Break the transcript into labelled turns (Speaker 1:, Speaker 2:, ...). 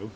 Speaker 1: AUTHORWAVE